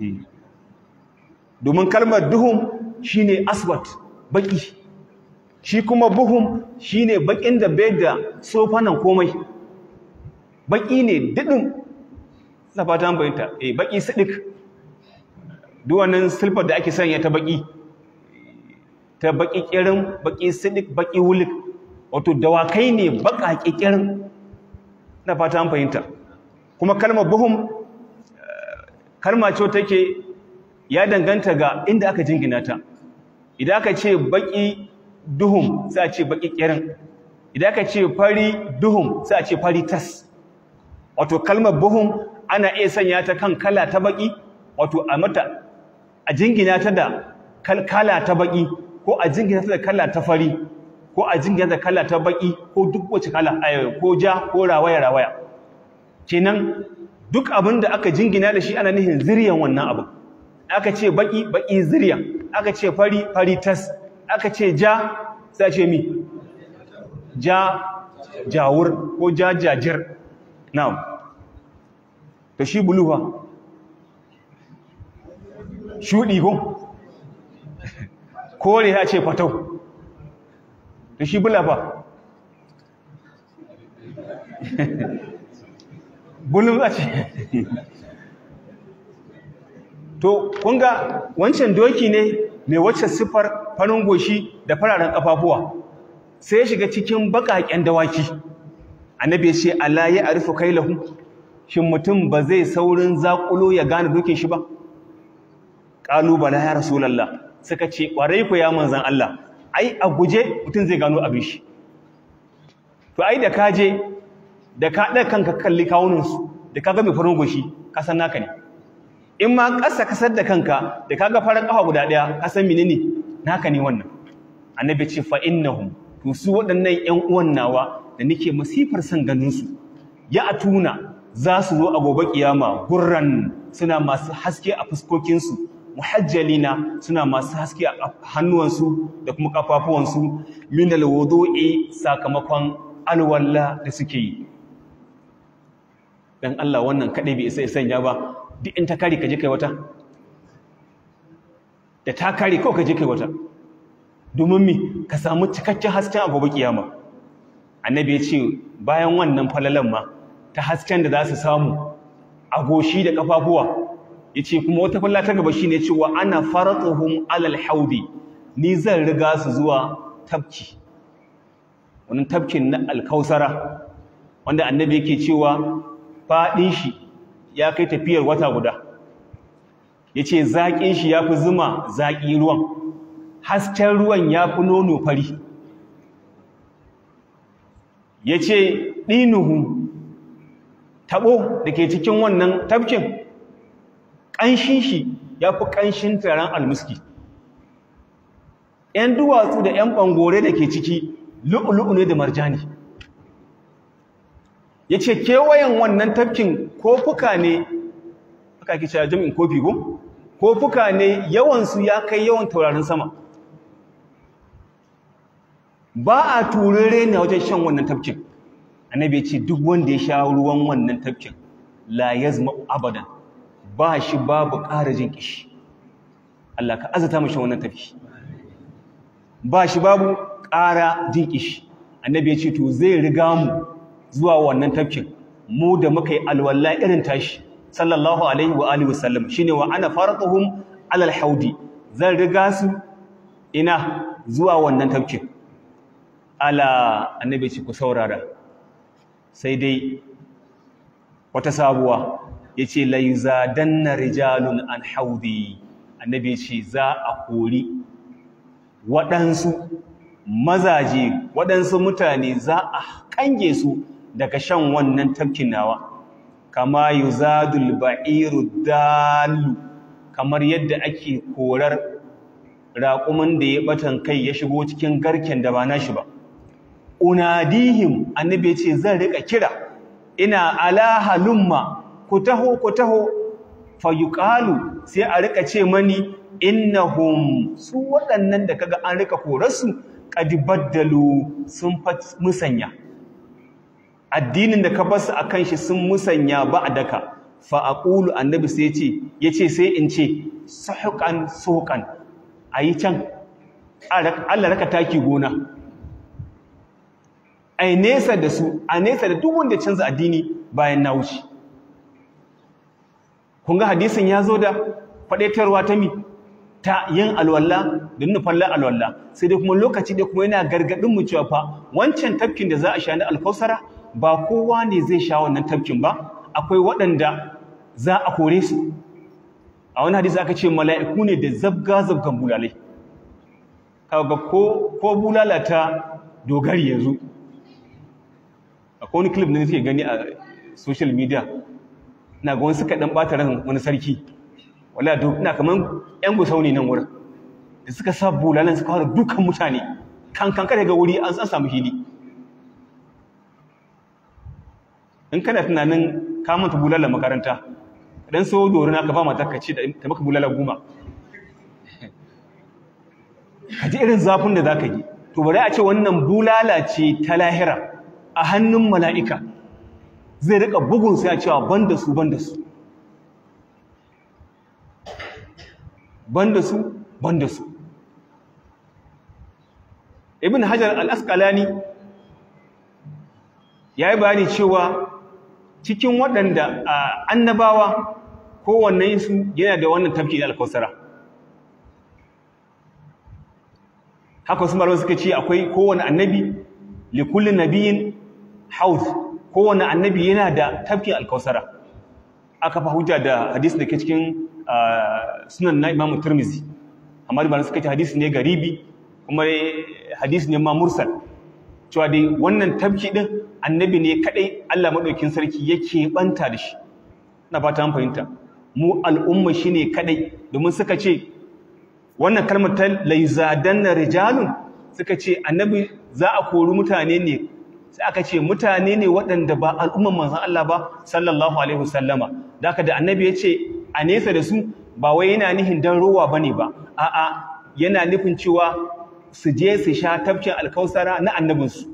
Eh. domin kalmar duhum shine aswat baki shi kuma buhum shine bakin da bai da tsofanan komai baki ne duɗin. na fata an bayyanta eh baki sidik duk wannan silfar da ake sanya ta baki ta baki kirin baki sidik baki wulik wato dawakai ne baka kirin na fata an fahimta kuma kalmar buhum eh, kalma ce take ya danganta ga inda aka jingina ta idan aka ce baki duhum sai a ce baki kirin idan aka ce fari duhum sai a ce fari tas wato kalmar buhum ana iya sanya ta kan kala ta baki wato a mata a jingina ta da kala ta baki ko a jingina ta da kala ta fari ko a jingina ta kala ta baki ko duk wace kala eh, ko ja ko rawaya rawaya kenan duk abin da aka jingina da shi ana nihin ziryan wannan abin aka ce baki baki zuriya aka ce fari fari tas aka ce ja sai ce mi ja jawur ko ja jajir na'am to shi buluha shudi ko kore ya ce fatau to shi bulafa [laughs] bulun a ce [laughs] to kun ga wancan doki ne mai wacce siffar farin goshi da fararen kafafuwa sai ya shiga cikin baƙaƙen dawaki annabi ya ce Allah ya arifu kailahu shin mutum ba zai saurin zakulo ya gane dokin shi ba qalu bala ya rasulullah suka ce kwarai ku ya manzon Allah ai a guje mutum zai gano abin shi to ai da ka je da ka ɗaga kanka kalli kawunansu da ka ga mai farin goshi ka san naka ne in ma ƙasa kasar da kanka da kaga farar ƙafa guda ɗaya ka san menene naka ne wannan annabi ce fa innahum to su waɗannan ƴan uwan nawa da nake masifar san ganin su ya atuna za su zo a gobe kiyama gurran suna masu haske a fuskokinsu. su muhajjalina suna masu haske a hannuwansu da kuma kafafuwansu min alwudu'i sakamakon alwalla da suke yi dan Allah wannan kadai bai isa ya ba duk in ta kare ka je kai wata da ta kare ko ka je kai wata domin mi ka samu cikakken hasken a gobe kiyama annabi ya ce bayan wannan falalan ma ta hasken da za su samu a goshi da kafafuwa ya ce kuma wata falla ta gaba shi ne cewa ana faratuhum alal haudi ni zan riga su zuwa tafki wani tafkin na alkausara wanda annabi yake cewa faɗin shi ya kai tafiyar wata guda ya ce zaƙin shi ya fi zuma zaƙi ruwan hasken ruwan ya fi nono fari ya ce ɗinuhu taɓo da ke cikin wannan tafkin ƙanshin shi ya fi ƙanshin taron almuski ‘yan duwatsu da ‘yan ɓangore da ke ciki lu'ulu'u ne da marjani ya ce kewayen wannan tafkin ko fuka ne aka ke cewa jami'in kofi gum ko fuka ne yawansu ya kai yawan taurarin sama ba a turare ne wajen shan wannan tafkin annabi ya ce duk wanda ya sha ruwan wannan tafkin la yazma abadan ba shi babu ƙara jin kishi Allah ka azata mu shan wannan tafki ba shi babu ƙara jin kishi annabi ya ce to zai riga mu zuwa wannan tafkin mu da muka yi alwalla irin tashi sallallahu alaihi wa alihi wasallam shine wa ana faratuhum ala haudi zan riga su ina zuwa wannan tafkin ala annabi ce ku saurara sai dai wata sabuwa yace la yuzadanna rijalun an haudi annabi ce za a kori waɗansu mazaje waɗansu mutane za a kange su daga shan wannan tafkin nawa kama zadul ba'iru dalu kamar yadda ake korar raƙumin da ya batan kai ya shigo cikin garken da ba na shi ba unadihim annabi ce zan rika kira ina ala halumma ku taho ku taho fayuqalu sai a rika ce mani innahum su waɗannan da kaga an rika korarsu qad baddalu sun musanya addinin da ka basu kan shi sun musanya ba a daka faaƙulu annabi sai ya yace sai in ce sokan A yi can Allah raka taki gona yi nesa da su a nesa da duk wanda canza addini bayan na wuce kun ga hadisin ya zo da faɗaitarwa ta mi ta yin alwala da nufallar alwala sai da kuma lokaci da kuma yana gargaɗin mu cewa fa wancan tafkin da za a sha na alkausara ba kowa ne zai sha wannan tafkin ba akwai waɗanda za a kore su a wani hadisi aka ce mala'iku ne da zabga zabgan bulalai kaga ko ko bulala ta dogari yanzu akwai wani clip da nake gani a social media na ga wani suka dan bata ran wani sarki wala duk ina kaman ƴan gusau ne nan wurin da suka sa bulalan suka fara dukan mutane kan kan ga wuri an samu hili in kana tunanin ka manta bulala makaranta dan so dori na ka ba matar ka ta maka bulala goma ka irin zafin da zaka yi to bari a ce wannan bulala ce ta lahira a hannun mala'ika zai rika bugun sai a cewa banda su banda su banda su banda su ibn hajar al-asqalani yayi bayani cewa cikin waɗanda annabawa kowannen su yana da wannan tafki da alkausara haka su malamai suka ce akwai kowane annabi likullin nabiyin haus kowane annabi yana da tafkin alkausara aka fa hujja da hadisi da ke cikin sunan na imamu turmizi amma da malamai suka ce hadisi ne garibi kuma hadisi ne ma mursal cewa dai wannan tafki din annabi ne kadai Allah madaukin sarki yake banta da shi na fata an fahimta mu al'umma shine kadai domin suka ce wannan kalmar ta laizadanna rijalun suka ce annabi za a kori mutane ne sai aka ce mutane ne waɗanda ba al'umman manzon Allah ba sallallahu alaihi wasallama da haka da annabi ya ce a nesa da su ba wai yana nihin dan ruwa bane ba a'a yana nufin cewa su je su sha tafkin alkausara na annabinsu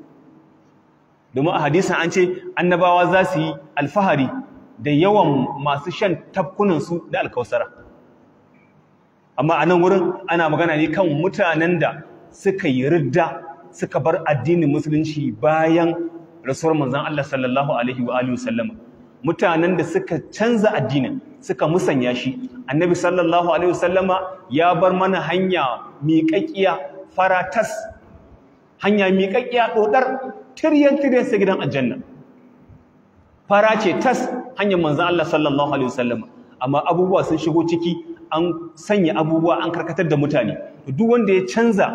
domin a hadisin an ce annabawa za su yi alfahari da yawan masu shan tafkunansu da alkausara amma a nan wurin ana magana ne kan mutanen da suka yi ridda suka bar addinin musulunci bayan rasuwar manzan Allah sallallahu alaihi wa alihi wasallama mutanen da suka canza addinin suka musanya shi annabi sallallahu alaihi wasallama ya bar mana hanya miƙaƙiya faratas hanya miƙaƙiya ɗoɗar tiryan tiryan sai gidan aljanna fara ce tas hanyar manzon Allah sallallahu alaihi wasallam amma abubuwa sun shigo ciki an sanya abubuwa an karkatar da mutane duk wanda ya canza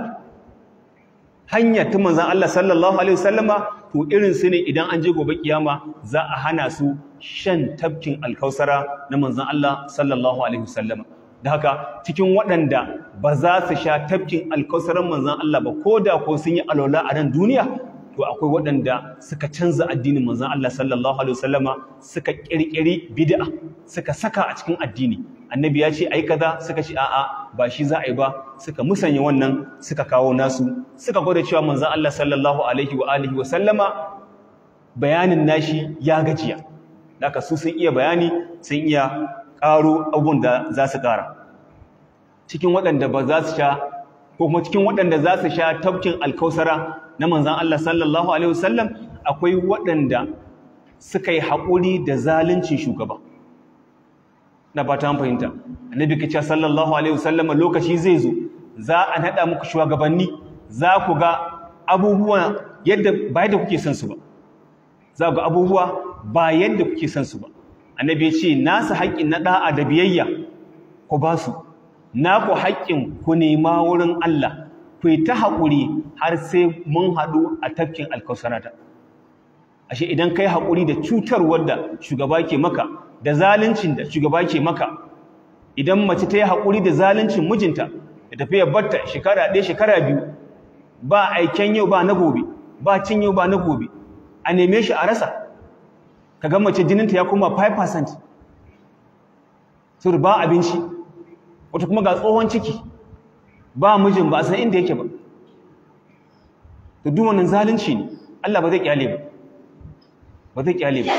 hanya ta manzon Allah sallallahu alaihi wasallama to irin su ne idan an je gobe kiyama za a hana su shan tafkin alkausara na manzon Allah sallallahu alaihi wasallama da haka cikin waɗanda ba za su sha tafkin alkausaran manzan Allah ba ko da ko sun yi alola a nan duniya to akwai waɗanda suka canza addinin manzan Allah sallallahu alaihi wasallama suka ƙirƙiri bid'a suka saka a cikin addini annabi ya ce ai kaza suka ce a'a ba shi za a yi ba suka musanya wannan suka kawo nasu suka gwada cewa manzan Allah sallallahu alaihi wa alihi wasallama bayanin nashi ya gajiya ka su sun iya bayani sun iya ƙaro abubuwan da za su ƙara cikin waɗanda ba za su sha ko kuma cikin waɗanda za su sha tafkin alkausara na manzan Allah sallallahu alaihi wasallam akwai waɗanda suka yi haƙuri da zaluncin shugaba na ba ta fahimta annabi kace sallallahu alaihi wasallam lokaci zai zo za a nada muku shugabanni za ku ga abubuwa yadda ba yadda kuke son su ba za ku ga abubuwa ba yadda kuke son su ba annabi ya ce nasu haƙƙin na da'a da biyayya ku ba su naku haƙƙin ku nema wurin Allah ku yi ta haƙuri har sai mun haɗu a tafkin alkausarata ashe idan kai haƙuri da cutarwar da shugaba ke maka da zaluncin da shugaba ke maka idan mace ta yi haƙuri da zaluncin mijinta da tafiya barta shekara ɗaya shekara biyu ba aiken yau ba na gobe ba cin yau ba na gobe a neme shi a rasa ka ga mace jininta ya koma 5% sur ba abinci wata kuma ga tsohon ciki ba mijin ba san inda yake ba to duk zalunci ne Allah ba zai kyale ba ba zai kyale ba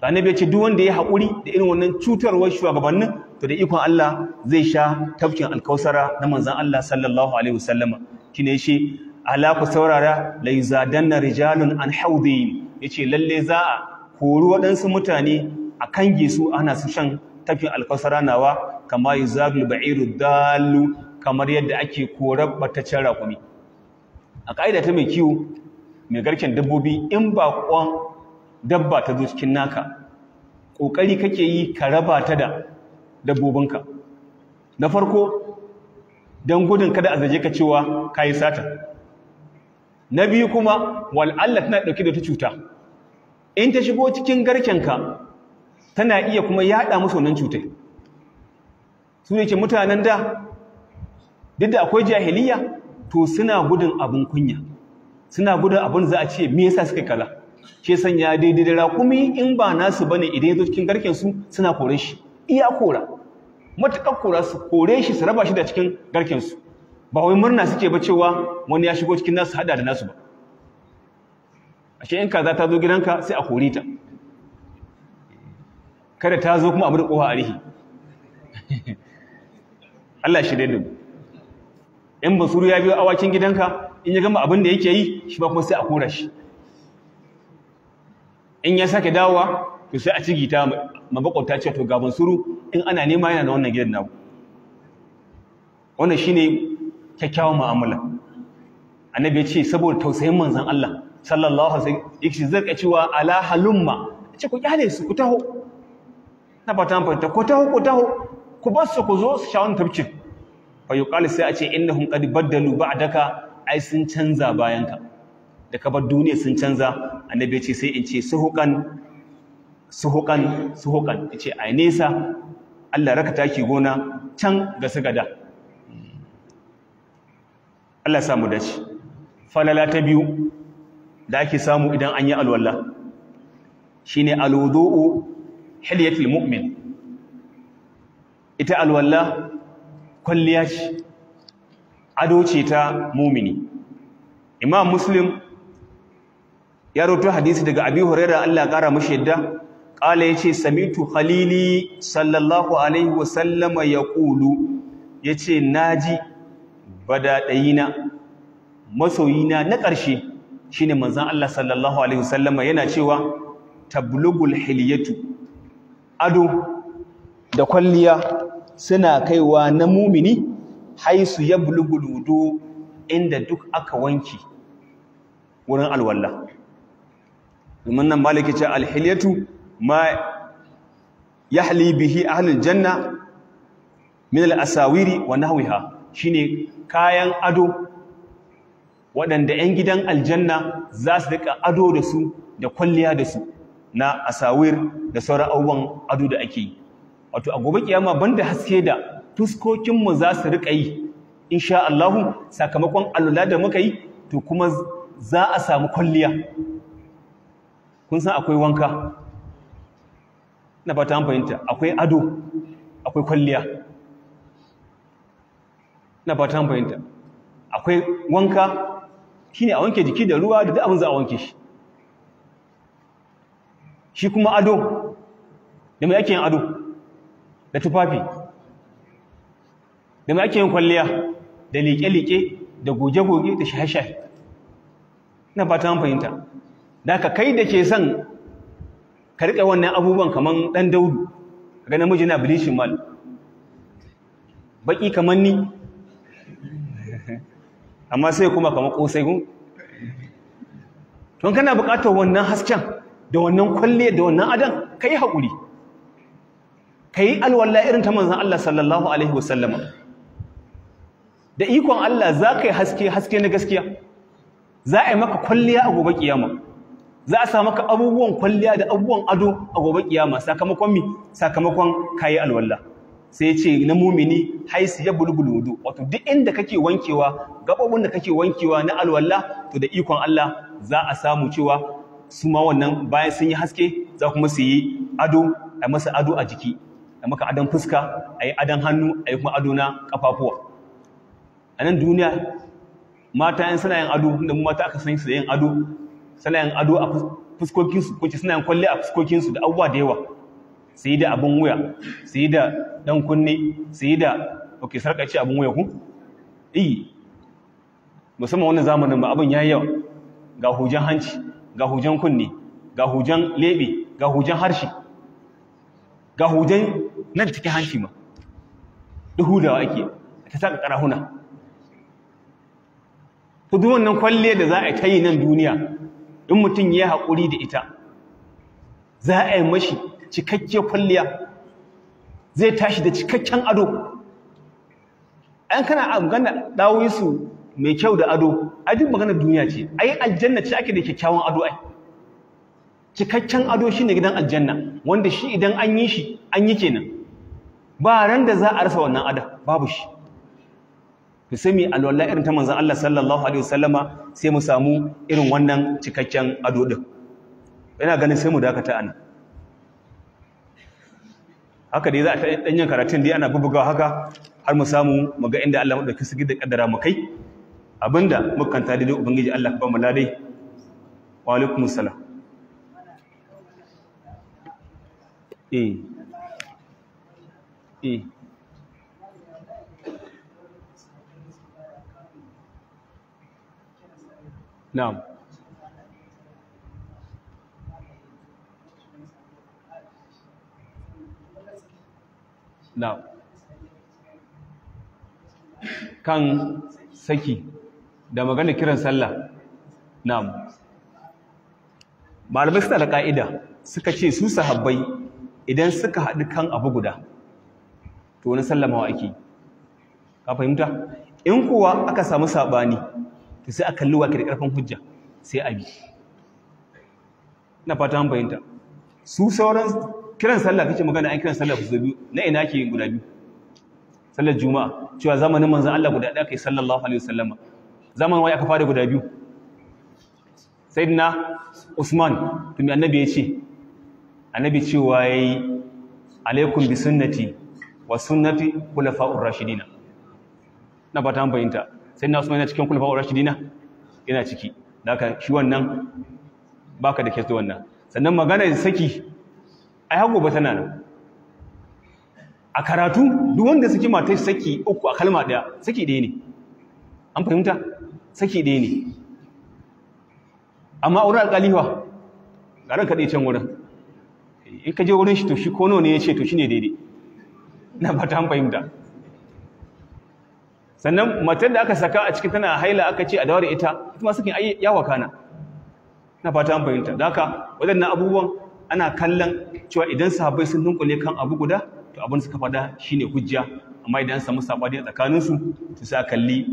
to annabi ya ce duk wanda ya haƙuri da irin wannan cutarwar shugabannin to da ikon Allah zai sha tafkin alkausara na manzon Allah sallallahu alaihi wasallama kine shi ala ku saurara Lai yuzadanna rijalun an ya yace lalle za a kori waɗansu mutane a kange su ana su shan tafkin alkausara nawa kama yuzagul ba'iru dalu kamar yadda ake korar bataccen rakumi a ƙa'ida ta mai kiwo mai garken dabbobi in ba kwan dabba ta zo cikin naka ƙoƙari kake yi ka raba ta da dabbobinka na farko don gudun kada a zaje ka cewa ka yi sata na biyu kuma wal'alla tana ɗauke da ta cuta in ta shigo cikin garkenka tana iya kuma yada musu wannan cutai su ne ke mutanen da duk da akwai jahiliya to suna gudun abin kunya suna gudun abin za a ce me yasa suka kala. ke sanya daidai da rakumi in ba nasu bane idan ya zo cikin garken su suna kore shi iya kora matuƙar kora su kore shi su raba shi da cikin garken su ba wai murna suke ba cewa wani ya shigo cikin nasu hada da nasu ba ashe in kaza ta zo gidanka sai a kore ta kada ta zo kuma a murƙowa a rihi [laughs] Allah shi dai dubu in basuru ya biyo awakin gidanka in ya gama abin da yake yi shi ba kuma sai a kora shi in ya sake dawowa to sai a gita mabakwabta ce to ga basuru in ana nema yana da wannan gidan naku wannan shine kyakkyawan mu'amala annabi ya ce saboda tausayin manzon Allah sallallahu alaihi wasallam yake zaka cewa ala halumma ce ku kyale su ku taho na fata fata ku taho ku taho ku bar su ku zo su sha wani tafkin fa yuqalu sai a ce innahum qad baddalu ba'daka ai sun canza bayanka da ka bar duniya sun canza annabi ya ce sai in ce suhukan suhukan suhukan ya ce ai nesa Allah raka taki gona can ga sagada Allah ya samu dace falala ta biyu da ake samu idan an yi alwala shine alwudu'u hilyatul mu'min ita alwalla kwalliya ce ado ce ta mumini imam muslim ya roto hadisi daga abi huraira Allah kara mashi yadda kala yace samitu halili sallallahu alaihi wasallama yaqulu yace naji badaɗayina masoyina na ƙarshe shine manzon Allah sallallahu alaihi wasallama yana cewa tablugul hilyatu ado da kwalliya suna kaiwa na mumini haisu ya buluguludu inda duk aka wanki wurin alwallah domin nan maliki ce alhiliyatu ma ya yahli bihi halin janna min al'asawiri wa nahwiha shine kayan ado waɗanda 'yan gidan aljanna za su daga ado da su da kwalliya da su na asawir da sauran abubuwan ado da ake yi wato a gobe kiyama banda haske da fuskokin mu za su rika yi insha Allah sakamakon alula da muka yi to kuma za a samu kwalliya kun san akwai wanka na fata an fahimta akwai ado akwai kwalliya na fata an fahimta akwai wanka shine a wanke jiki da ruwa da duk abin za a wanke shi shi kuma ado da mai yake yin ado da tufafi da ake yin kwalliya da liƙe-liƙe da goge-goge da shahe-shahe na ba ta fahimta da ka kai da ke son ka riƙe wannan abubuwan kamar ɗan daudu ganin namiji na bilishin mal baƙi kamar ni amma sai kuma kamar ƙosai gun tun kana buƙatar wannan hasken da wannan kwalliya, da wannan adan ka yi haƙuri ka yi alwalla irin ta manzan Allah sallallahu alaihi wasallam da ikon Allah za ka yi haske haske na gaskiya za a yi maka kwalliya a gobe kiyama za a sa maka abubuwan kwalliya da abubuwan ado a gobe kiyama sakamakon mi sakamakon kayi alwalla sai ce na mumini haisu ya bulbul wato duk inda kake wankewa gabobin da kake wankewa na alwalla to da ikon Allah za a samu cewa su ma wannan bayan sun yi haske za kuma su yi ado a masa ado a jiki a maka adon fuska a yi adon hannu a yi kuma ado na ƙafafuwa a nan duniya mata yin suna yin ado da mata aka san su da yin ado suna yin ado a fuskokinsu ko ce suna yin kwalle a fuskokinsu da abubuwa da yawa su yi da abin wuya su yi da ɗan kunne su yi da ok sarƙaci abin wuya ku iyi musamman wani zamanin ba abin ya yi yawa ga hujan hanci ga hujan kunne ga hujan leɓe ga hujan harshe ga hujan nan cikin hanci ma duhudawa wake ta saka karahuna to duk wannan kwalle da za a ta yi nan duniya in mutum ya haƙuri da ita za a yi mashi cikakke kwalliya zai tashi da cikakken ado an kana magana dawoyinsu mai kyau da ado a duk maganar duniya ce ai aljanna ce ake da kyakkyawan ado ai cikakken ado shine gidan aljanna wanda shi idan an yi shi an yi kenan ba ran da za a rasa wannan ada babu shi to sai mu alwala irin ta manzon Allah sallallahu alaihi wasallama sai mu samu irin wannan cikakken ado din ina ganin sai mu dakata anan haka dai za a ɗan yin karatun dai ana bubuga haka har mu samu mu ga inda Allah madaukakin sarki da kaddara mu kai abinda ta daidai ubangiji Allah ba mu ladai wa alaikumus salam eh eh na'am na'am kan saki da magana kiran sallah na'am malamai suna da ka'ida suka ce su sahabbai idan suka haɗu kan abu guda to wani sallamawa ake ka fahimta in kuwa aka samu sabani to sai a kalli wake da karfin hujja sai a bi ina fata an fahimta su sauran kiran sallah kace magana an kiran sallah guda biyu na ina ke yin guda biyu sallar juma'a cewa zamanin manzon Allah guda ɗaya kai sallallahu alaihi wasallama zaman wai aka fara guda biyu sayyidina Usman to me annabi ya ce annabi cewa yayi alaikum bi sunnati wa sunnati khulafa'ur rashidina na ba ta bayinta sai na usman yana cikin khulafa'ur rashidina yana ciki haka shi wannan baka da kesu wannan sannan magana saki ai hago ba tana nan a karatu duk wanda suke matar saki uku a kalma daya saki daya ne an fahimta saki daya ne amma wurin alƙaliwa garin ranka can wurin in ka je wurin shi to shi kono ne ya ce to shi ne daidai na fata fahimta sannan matan da aka saka a cikin tana haila aka ce a dawar ita ita ma ayi yawa kana na fata fahimta da haka waɗannan abubuwan ana kallon cewa idan sahabbai sun dunkule kan abu guda to abin suka faɗa shine hujja amma idan samu sabani a tsakaninsu to sai kalli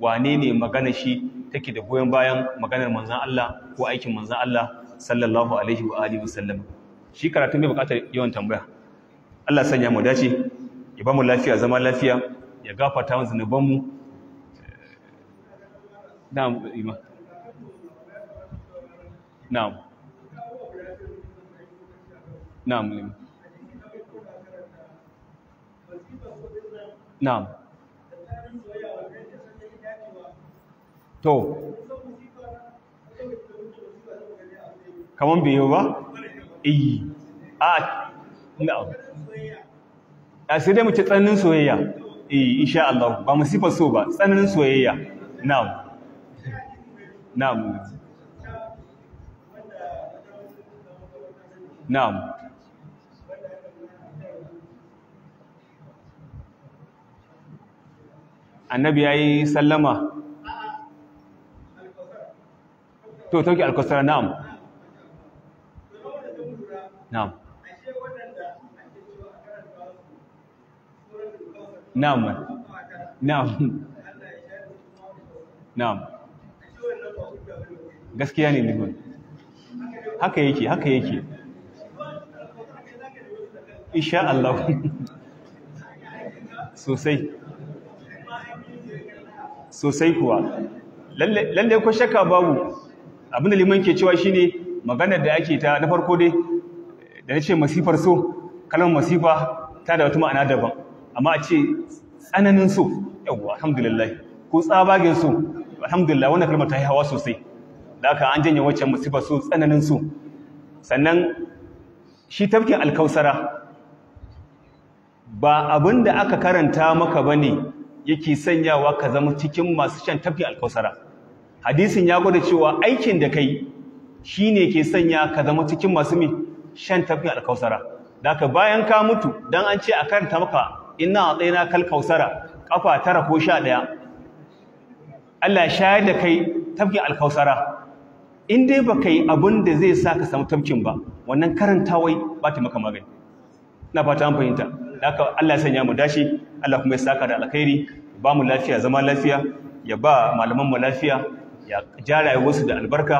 wane ne magana shi take da goyon bayan maganar manzan Allah ko aikin manzan Allah sallallahu alaihi wa alihi wasallam shi karatun mai bukatar yawan tambaya Allah sanya mu dace ya ba mu lafiya zama lafiya ya gafata mu zunubanmu na'am ima na'am na'am ima na'am to kaman biyo ba iyi a ah, na'am a sai dai mu ci tsananin soyayya eh insha Allah ba sifa so ba tsananin soyayya na'am na'am na'am annabi ya yi sallama to tauki alkosar na'am na'am na'am na'am na'am gaskiya ne liman haka yake haka yake insha Allah sosai sosai kuwa Lallai ko shakka babu abinda liman ke cewa shi ne maganar da ake ta na farko dai da na ce masifar so kalmar masifa ta da wata ma'ana daban amma a ce tsananin so yawwa alhamdulillah ko tsabagen so alhamdulillah wannan kalmar ta yi hawa sosai da aka an janye wacce musiba so tsananin so sannan shi tafkin alkausara ba abin da aka karanta maka ba ne yake sanyawa ka zama cikin masu shan tafkin alkausara hadisin ya gwada cewa aikin da kai shi ne ke sanya ka zama cikin masu mai shan tafkin alkausara da bayan ka mutu don an ce a karanta maka inna atayna kal kausara kafa tara ko sha daya Allah shayar da kai tafkin alkausara in dai baka yi abin da zai sa ka samu tafkin ba wannan karantawai ba ta maka magani na fata an fahimta haka Allah ya sanya mu dashi Allah kuma ya saka da alkhairi ba mu lafiya zama lafiya ya ba malaman mu lafiya ya jaraye wasu da albarka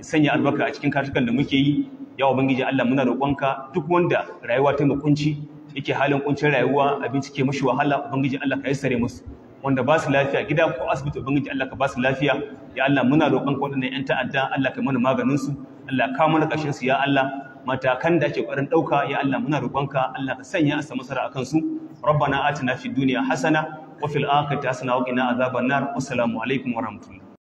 ya sanya albarka a cikin kashukan da muke yi ya ubangiji Allah muna roƙonka duk wanda rayuwa ta mukunci yake halin kuncin rayuwa abinci ke mushi wahala ubangiji Allah ka yassare musu wanda ba su lafiya gida ko asibiti ubangiji Allah ka ba su lafiya ya Allah muna roƙon ku waɗannan ƴan ta'adda Allah ka mana maganin su Allah ka mana kashin su ya Allah matakan da ake ƙoƙarin ɗauka ya Allah muna roƙon ka Allah ka sanya a samu sara akan su rabbana atina fid dunya hasana wa fil akhirati hasana wa qina azaban nar assalamu alaikum wa rahmatullahi